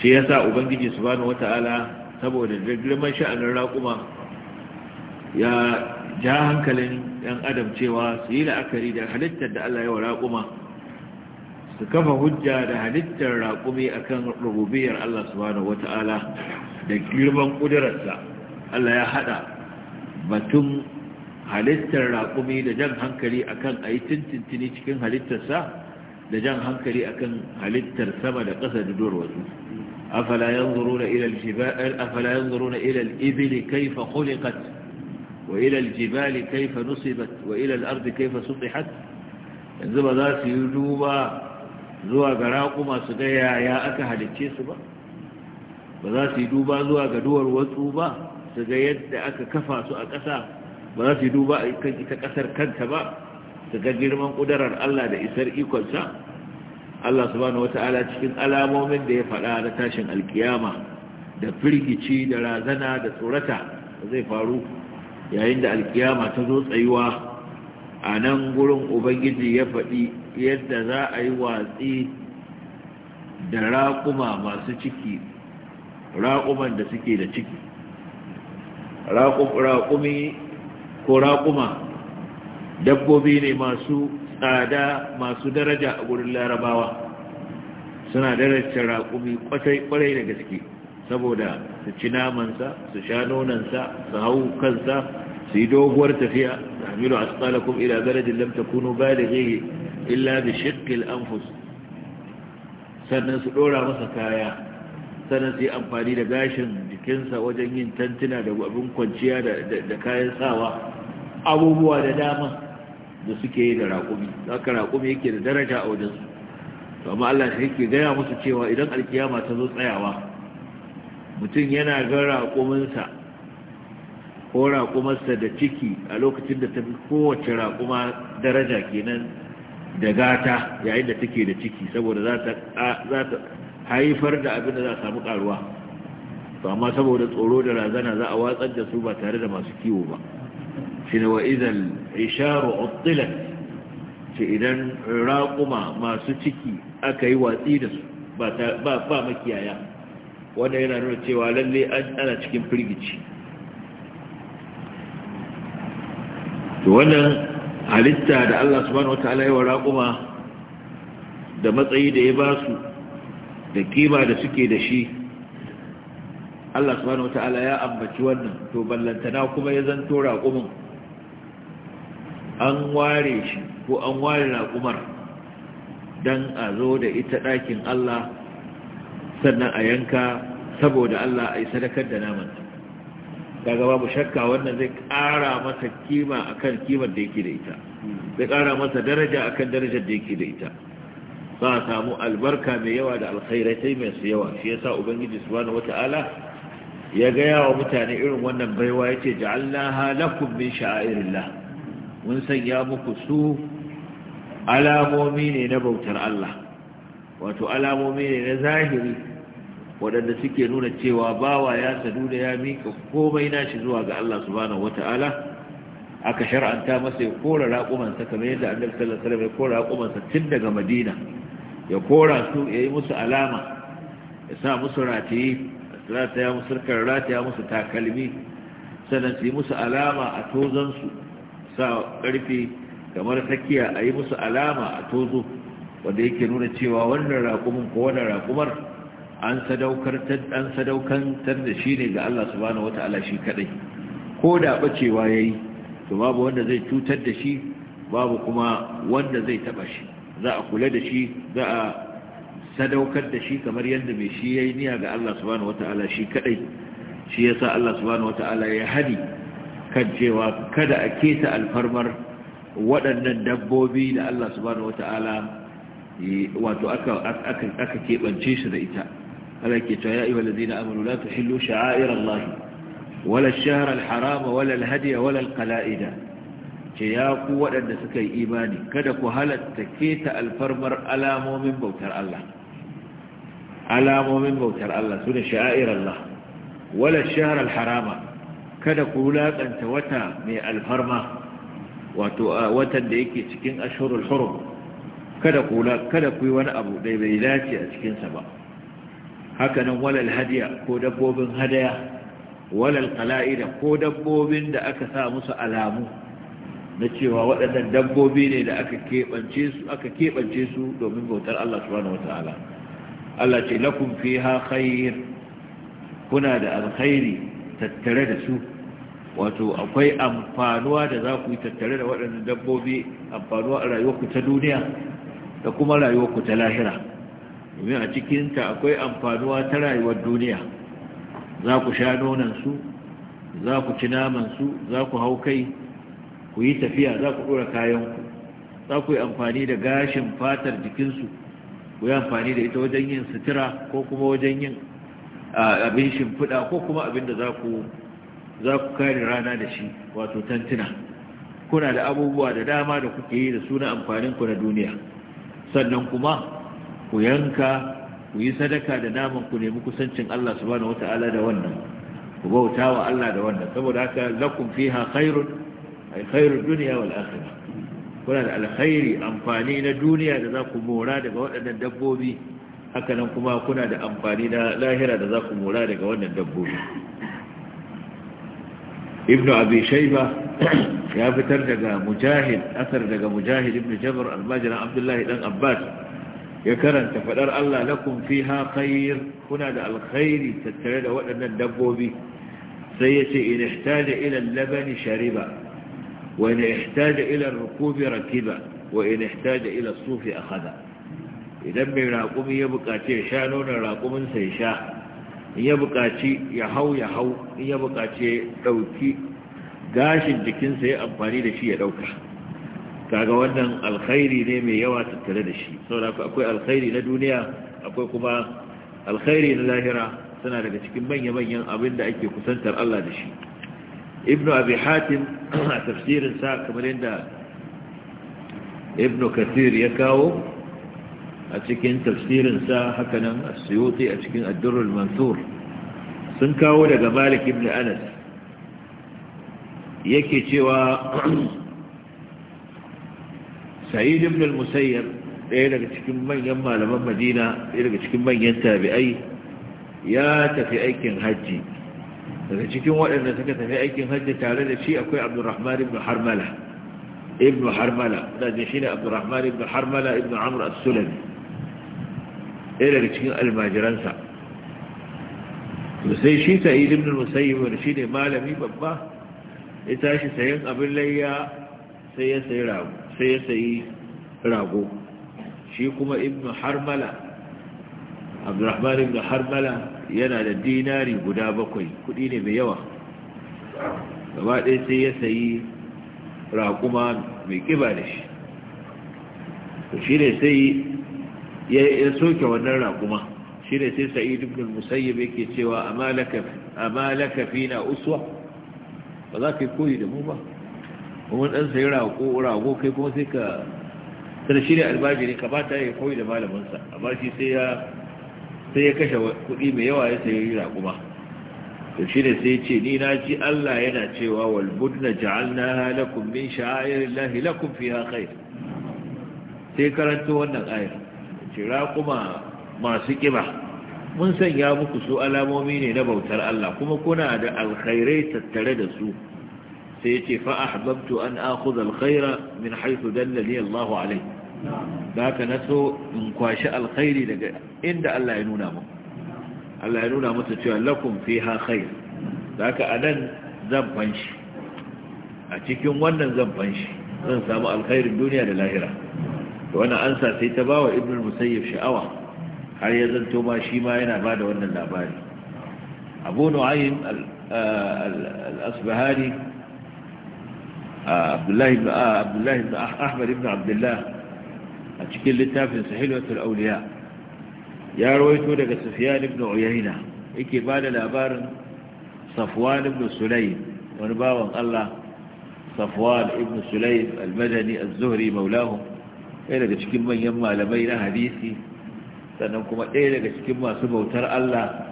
A: shi ya sa ubangiji su wata ala saboda girman sha'anin raƙuma ya ja hankalin ‘yan adam cewa su yi la'akari da halittar da Allah yawa raƙuma su kafa hujja da halittar raƙumi a kan rububiyar Allah su subhanahu wata'ala da girman ƙudurarsa Allah ya haɗa batun halittar raƙumi da jan hankali a kan a yi tintintini cikin halittarsa da jan hankali a kan halittar sama da ƙasa da duwarwatsu afala yanzuru na ilal ibili kaifa khuliqat وإلى الجبال كيف نصبت وإلى الأرض كيف سطحت yanzu ba za su yi duba zuwa ga raƙuma su ga yaya aka halicce su ba ba za su yi duba zuwa ga duwar ba su ga yadda aka kafa su a ƙasa ba za su yi duba a ita ƙasar kanta ba su ga girman ƙudarar Allah da isar ikonsa Allah subhanahu cikin alamomin da ya faɗa na tashin alkiyama da firgici da razana da tsorata zai faru yayin da alkiyama ta zo tsayuwa a nan gurin ubangiji ya faɗi yadda za a yi watsi da raƙuma masu ciki raƙuman da suke da ciki raƙumi ko raƙuma dabbobi ne masu tsada masu daraja a gurin larabawa suna darajar raƙumi kwarai da gaske saboda su ci namansa su sha nonansa su hau kansa su yi doguwar tafiya da hamilu a tsalakun ila garajin lamta kunu ba da zai illa da shirkil anfus sannan su ɗora masa kaya sannan su yi amfani da gashin jikinsa wajen yin tantuna da abin kwanciya da kayan sawa abubuwa da dama da suke yi da raƙumi haka raƙumi yake da daraja a wajensu to amma Allah shi yake gaya musu cewa idan alkiyama ta zo tsayawa mutum yana ga raƙuminsa ko raƙumarsa da ciki a lokacin da ta fi kowace raƙuma daraja kenan da gata yayin da take da ciki saboda za ta haifar da abin da za a samu ƙaruwa to amma saboda tsoro da razana za a watsar da su ba tare da masu kiwo ba shi ne wa isharu uttilat ce idan raƙuma masu ciki aka yi watsi da su ba makiyaya wanda yana nuna cewa lalle ana cikin firgici to wannan halitta da Allah subhanahu wataala ya raƙuma da matsayi da ya ba su da kima da suke da shi Allah subhanahu wataala ya ambaci wannan to ballantana kuma ya zanto raƙumin an ware shi ko an ware raƙumar don a zo da ita ɗakin Allah sannan a yanka saboda Allah a yi sadakar da naman daga babu shakka wannan zai ƙara masa kima akan kimar da yake da ita zai ƙara masa daraja akan darajar da yake da ita za a samu albarka mai yawa da alkhairatai su yawa shi yasa ubangiji subhanahu wata'ala ya gaya wa mutane irin wannan baiwa yace ja'alnaha lakum min sha'airillah mun sanya muku su alamomi ne na bautar Allah wato alamomi ne na zahiri waɗanda suke nuna cewa bawa ya sadu da ya miƙa komai nashi zuwa ga Allah subhanahu wata'ala aka shar'anta masa ya kora raƙumansa kamar yadda annabi sallallahu alaihi wasallam ya kora raƙumansa tun daga Madina ya kora su ya yi musu alama ya sa musu rataye ya musu rikar ya musu takalmi sannan su yi musu alama a su sa ƙarfi kamar tsakiya a yi musu alama a tozo wanda yake nuna cewa wannan raƙumin ko wannan raƙumar an sadaukantar da shi ne ga Allah subhanahu wata'ala shi kadai ko da bacewa yayi to babu wanda zai cutar da shi babu kuma wanda zai taba shi za a kula da shi za a sadaukar da shi kamar yadda mai shi yayi niyya ga Allah subhanahu wata'ala shi kadai shi yasa Allah subhanahu wata'ala ya hadi kan cewa kada a keta alfarmar waɗannan dabbobi da Allah subhanahu wata'ala eh, wato aka aka aka kebance shi da ita Allah ke cewa ya ayyuha allazina amanu la tuhillu sha'air Allah wala ash-shahr al-haram wala al-hadiy wala waɗanda suka yi imani kada ku halatta keta alfarmar alamomin bautar Allah alamomin bautar Allah sune sha'air Allah wala ash harama kada ku wulaƙanta wata mai alfarma wato watan da yake cikin ashurul hurum kada kada wani abu bai dace a cikinsa ba hakanan walal hadiya ko dabbobin hadaya walal qala'ida ko dabbobin da aka sa musu alamu na cewa waɗannan dabbobi ne da aka keɓance su aka su domin bautar Allah subhanahu wataala Allah ce lakum fiha khair kuna da alkhairi tattare da su wato akwai amfanuwa da za ku yi tattare da waɗannan dabbobi amfanuwa a rayuwarku ta duniya da kuma rayuwarku ta lahira domin a cikinta akwai amfanuwa ta rayuwar duniya za ku sha nonansu za ku ci namansu za ku hau kai ku yi tafiya za ku ɗora kayanku za ku yi amfani da gashin fatar jikinsu ku yi amfani da ita wajen yin sutura ko kuma wajen yin abin shimfiɗa ko kuma abin da za ku kare rana da shi wato tantuna kuna da abubuwa da dama da kuke yi da suna amfaninku na duniya sannan kuma ku yanka ku yi sadaka da naman ku nemi kusancin Allah subhanahu wata'ala da wannan ku bauta wa Allah da wannan saboda haka lakum fiha khairun ay khairud dunya wal akhirah kuna da alkhairi amfani na duniya da za ku mora daga waɗannan dabbobi haka nan kuma kuna da amfani na lahira da za ku mora daga wannan dabbobi ibnu abi shayba ya fitar daga mujahid asar daga mujahid ibnu jabr al abdullahi dan abbas ya karanta faɗar Allah lakum fiha khair kuna da alkhairi tattare da waɗannan dabbobi sai yace in ihtaja ila labani shariba wa in ihtaja ila rukubi rakiba wa in ihtaja ila sufi akhadha idan mai raƙumi ya buƙaci ya sha nonon raƙumin sai sha in ya buƙaci ya hau ya hau in ya buƙaci ya ɗauki gashin jikinsa ya amfani da shi ya ɗauka kaga wannan alkhairi ne mai yawa tattare da shi saboda akwai alkhairi na duniya akwai kuma alkhairi na lahira suna daga cikin manya-manyan abin da ake kusantar Allah da shi ibnu abi hatim a tafsirin sa kamar yadda ibnu kathir ya kawo a cikin tafsirin sa hakanan as-suyuti a cikin ad-durrul mansur sun kawo daga malik ibn anas yake cewa sa'id ibn al-musayyib ɗaya daga cikin manyan malaman madina ɗaya daga cikin manyan tabi'ai ya tafi aikin hajji daga cikin waɗanda suka tafi aikin hajji tare da shi akwai abdurrahman ibn harmala ibn harmala da jin shi ne abdurrahman ibn harmala ibn Amur as-sulami ɗaya daga cikin almajiransa sai shi sa'id ibn musayyib wanda shi ne malami babba ya tashi sayan abin layya sai ya sayi rago sai ya sayi rago shi kuma ibnu harmala abdurrahman ibn harmala yana da dinari guda bakwai kudi ne mai yawa gaba ɗaya sai ya sayi raƙuma mai ƙiba da shi shi ne sai ya soke wannan raƙuma shi ne sai sa'id ibn musayyib yake cewa amalaka na uswa ba za ka yi koyi da mu ba kuma dan sai rago rago kai kuma sai ka sai shi da ne ka ba ta yi koyi da malaminsa amma shi sai ya kashe kuɗi mai yawa ya sayi raƙuma to shi ne sai ce ni na ji Allah yana cewa wal budna ja'alnaha lakum min sha'airillahi lakum fiha khair sai karanto wannan ayar ce raƙuma masu kiba mun sanya muku su alamomi ne na bautar Allah kuma kuna da alkhairai tattare da su sai ya ce fa fa’ahababtu an akuzar khaira min haifu dallali Allah alai ba ka naso in kwashi alkhairi daga inda Allah ya nuna mu Allah ya nuna mutu cewa lakun fi ha khair ba ka a nan zan fanshi a cikin wannan zan fanshi zan samu alkhairin duniya da lahira da wani ansa sai ta bawa wa ibn musayyar sha'awa har ya zanto ma shi ma yana bada wannan labari abu nu'ayin al'asbahari al abdullahi ah, abdullahi ahmad ibn abdullah a cikin littafin sahilatul auliya ya rawaito daga sufyan ibn uyayna yake ba da labarin safwan ibn sulaym wani bawan Allah safwan ibn sulaym al-madani zuhri maulahu ɗaya daga cikin manyan malamai na hadisi sannan kuma ɗaya daga cikin masu bautar Allah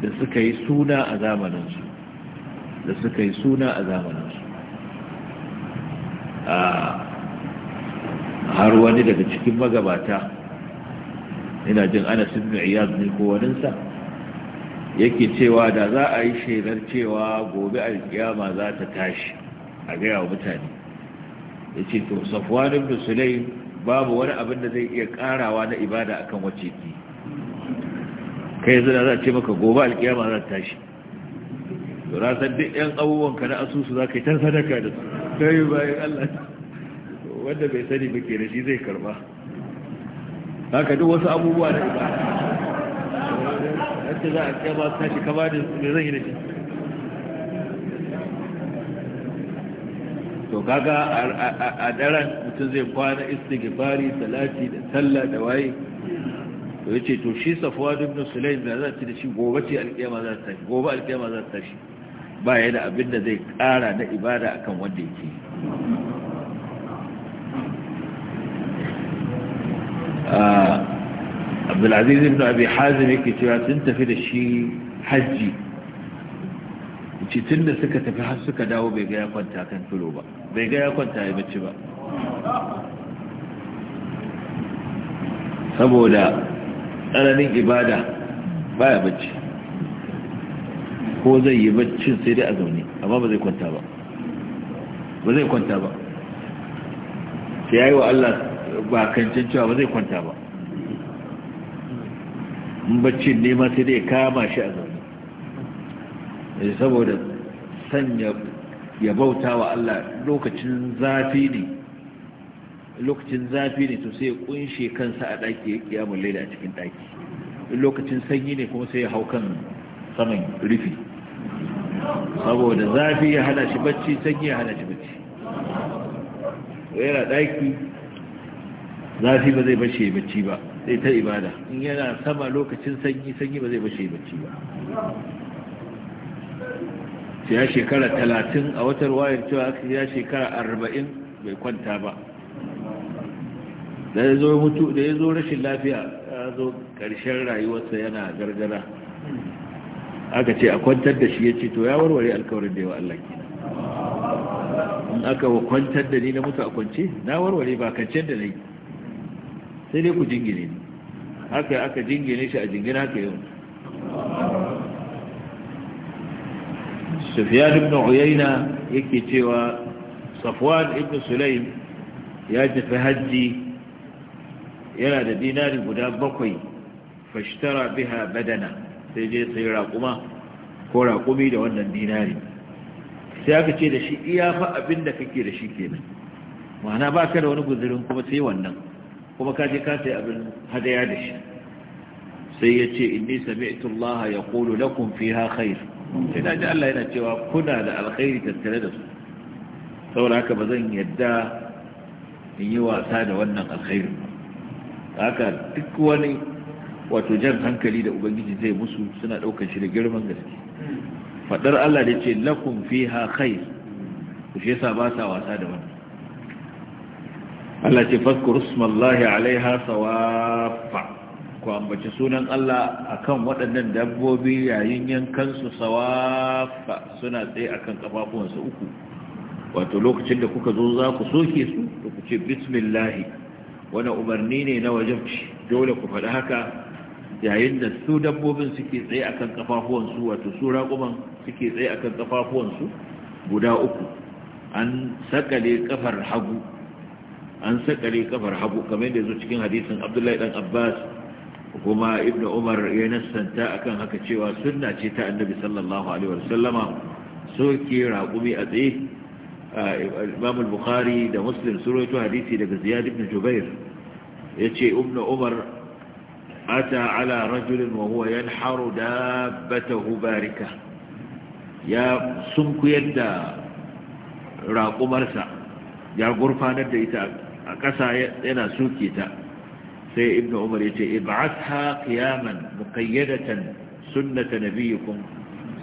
A: da suka yi suna a zamaninsu da suka yi suna a zamaninsu har wani daga cikin magabata ina jin ana sun iyaz ne ko waninsa yake cewa da za a yi shaidar cewa gobe alkiyama za ta tashi a gaya wa mutane ya ce to safwan ibn Sulai babu wani abin da zai iya karawa na ibada a kan wace ki kai yanzu da za a ce maka gobe alkiyama za ta tashi to rasan duk yan abubuwanka na asusu za ka yi ta sadaka da su akwai bayan Allah wanda bai sani ba ke da shi zai karba haka duk wasu abubuwa da ba haka za a kyama ta shi kama da su zai yi da shi to kaga a daren mutum zai kwana istighfari salati da sallah da waye to yace to shi safwa ibn sulaim da za ta da shi gobe ce alƙiyama za ta tashi gobe alƙiyama za ta tashi ba ya da abin da zai ƙara na ibada akan wanda yake abdulaziz ibn abi hazim yake cewa sun tafi da shi hajji cikin da suka tafi har suka dawo bai ga ya kwanta kan filo ba bai ga ya kwanta ya bacci ba saboda tsananin ibada ba ya bacci ko zai yi baccin sai dai a zaune amma ba zai kwanta ba ba zai kwanta ba sai ya yi wa Allah ba kancin cewa ba zai kwanta ba in baccin nema sai dai kama shi a zaune yanzu eh, saboda san ya bauta wa Allah lokacin zafi ne lokacin zafi ne to sai ya kunshe kansa a ɗaki ya kiyamun laida a cikin ɗaki lokacin sanyi ne kuma sai ya hau kan saman rufi
C: saboda zafi ya hana
A: shi bacci sanyi ya hana shi bacci yana daki zafi ba zai bace bacci ba sai ta ibada in yana sama lokacin sanyi sanyi ba zai bace bacci ba sai ya shekara talatin a watar wayar cewa aka ya shekara arba'in bai kwanta ba da ya zo mutu da ya zo rashin lafiya ya zo ƙarshen rayuwarsa yana gargara aka ce a kwantar da shi ya ce to ya warware alkawarin da yawa Allah kina in aka wa kwantar da ni na mutu a kwance na warware ba kancen da na yi sai dai ku jingine ne haka aka jingine shi a jingina ka yau sufiyar ibn Uyayna yake cewa Safwan ibn Sulaim ya tafi hajji yana da dinari guda bakwai fashtara biha badana sai je sai raƙuma ko raƙumi da wannan dinari sai aka ce da shi iya fa abin da kake da shi kenan ma'ana ba ka da wani guzurin kuma sai wannan kuma ka je ka sai abin hadaya da shi sai ya ce inni sami'tu Allah ya qulu lakum fiha khair sai da ji Allah yana cewa kuna da alkhairi tattare da su saboda haka ba zan yadda in yi wasa da wannan alkhairin haka duk wani wato jan hankali da ubangiji zai musu suna ɗaukar shi da girman gaske faɗar Allah da ce lakum fiha khair ku shi yasa ba sa wasa da wannan Allah ce fadkur ismallahi alaiha sawaffa ku ambaci sunan Allah akan waɗannan dabbobi yayin yankan su sawaffa suna tsaye akan kafafuwansu uku wato lokacin da kuka zo za ku soke su ku ce bismillahi wani umarni ne na wajabci dole ku faɗi haka yayin da su dabbobin suke tsaye a kan kafafuwansu wato su raƙuman suke tsaye a kan kafafuwansu guda uku an sakale kafar hagu an sakale kafar hagu kamar yadda zo cikin hadisin Abdullahi dan Abbas kuma ibnu Umar ya nassanta akan haka cewa sunna ce ta Annabi sallallahu alaihi wasallama ke raƙumi a tsaye Imam al-Bukhari da Muslim sun rawaito hadisi daga Ziyad ibn Jubair yace Ibn Umar أتى على رجل وهو ينحر دابته باركة يا سمك يدى راق مرسى يا غرفان الدئتا أكسى ينا سوكيتا سي ابن عمر يتي ابعثها قياما مقيدة سنة نبيكم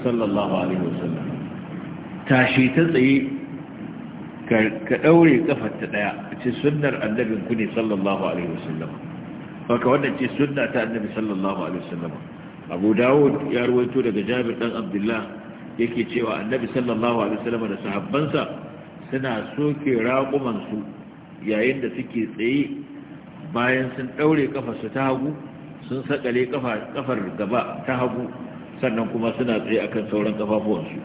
A: صلى الله عليه وسلم تاشي تطعي كأولي كفت تطعي سنة النبي كني صلى الله عليه وسلم haka wannan ce sunna ta annabi sallallahu alaihi wasallam abu dawud ya ruwaito daga jabir dan abdullah yake cewa annabi sallallahu alaihi wasallam da sahabbansa suna soke raƙuman su yayin da suke tsaye bayan sun daure su ta hagu sun sakale kafar gaba ta hagu sannan kuma suna tsaye akan sauran kafafuwansu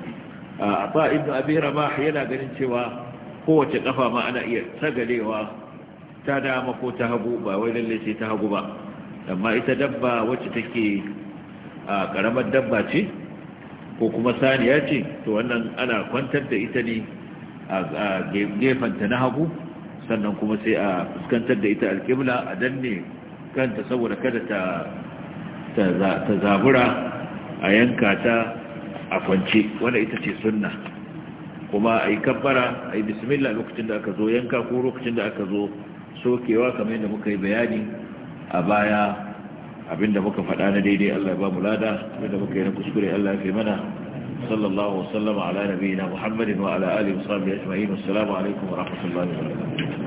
A: a ba ibnu abi rabah yana ganin cewa kowace kafa ma ana iya sagalewa ta dama ko ta hagu ba wai lalle sai ta hagu ba amma ita dabba wacce take a karamar dabba ce ko kuma saniya ce to wannan ana kwantar da ita ne a gefanta na hagu sannan kuma sai a fuskantar da ita alƙibla a danne kanta saboda kada ta ta zabura a yanka ta a kwance wanda ita ce sunna kuma a yi kabbara a yi bismillah lokacin da aka zo yanka ko lokacin da aka zo sokewa kamar yadda muka yi bayani a baya abinda muka faɗa na daidai Allah ya ba mu lada abinda muka yi na kuskure Allah ya fi mana sallallahu wasallama ala nabiyina Muhammadin wa ala alihi wa sahbihi ajma'in assalamu alaikum wa rahmatullahi wa
C: barakatuh